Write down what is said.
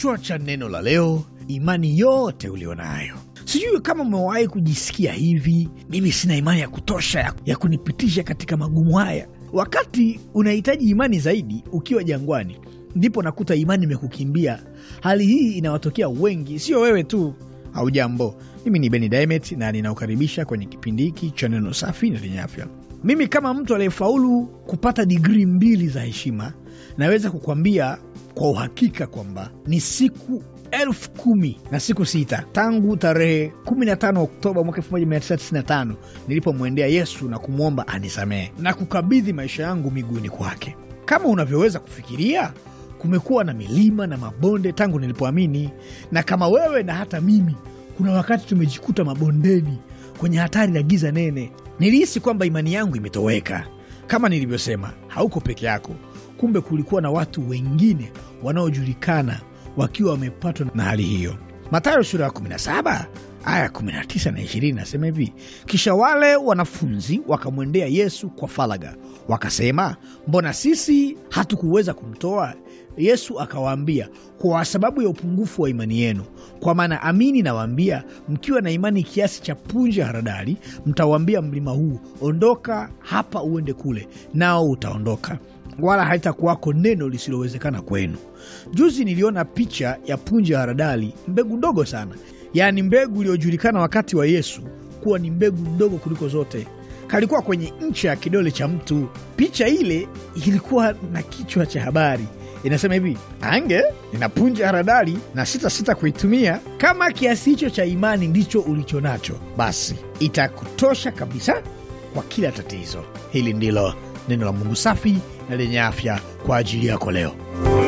Kichwa cha neno la leo, imani yote ulionayo. Sijui kama umewahi kujisikia hivi, mimi sina imani ya kutosha ya, kunipitisha katika magumu haya. Wakati unahitaji imani zaidi ukiwa jangwani, ndipo nakuta imani imekukimbia. Hali hii inawatokea wengi, sio wewe tu. Haujambo, mimi ni Beni Dimet na ninaukaribisha kwenye kipindi hiki cha neno safi na lenye afya. Mimi kama mtu aliyefaulu kupata digrii mbili za heshima, naweza kukwambia kwa uhakika kwamba ni siku elfu kumi na siku sita tangu tarehe 15 Oktoba mwaka 1995 nilipomwendea Yesu na kumwomba anisamehe na kukabidhi maisha yangu miguuni kwake. Kama unavyoweza kufikiria, kumekuwa na milima na mabonde tangu nilipoamini, na kama wewe na hata mimi, kuna wakati tumejikuta mabondeni kwenye hatari la giza nene. Nilihisi kwamba imani yangu imetoweka kama nilivyosema, hauko peke yako. Kumbe kulikuwa na watu wengine wanaojulikana wakiwa wamepatwa na hali hiyo. Mathayo sura ya 17 aya 19 na 20 nasema hivi: kisha wale wanafunzi wakamwendea Yesu kwa falaga, wakasema, mbona sisi hatukuweza kumtoa? Yesu akawaambia, kwa sababu ya upungufu wa imani yenu. Kwa maana amini nawaambia, mkiwa na imani kiasi cha punje haradali, mtawaambia mlima huu, ondoka hapa uende kule, nao utaondoka wala haitakuwako neno lisilowezekana kwenu. Juzi niliona picha ya punje haradali, mbegu ndogo sana yaani mbegu iliyojulikana wakati wa Yesu kuwa ni mbegu mdogo kuliko zote kalikuwa kwenye ncha ya kidole cha mtu. Picha ile ilikuwa na kichwa cha habari inasema hivi: ange inapunja haradali na sita sita kuitumia. Kama kiasi hicho cha imani ndicho ulicho nacho, basi itakutosha kabisa kwa kila tatizo. Hili ndilo neno la Mungu safi na lenye afya kwa ajili yako leo.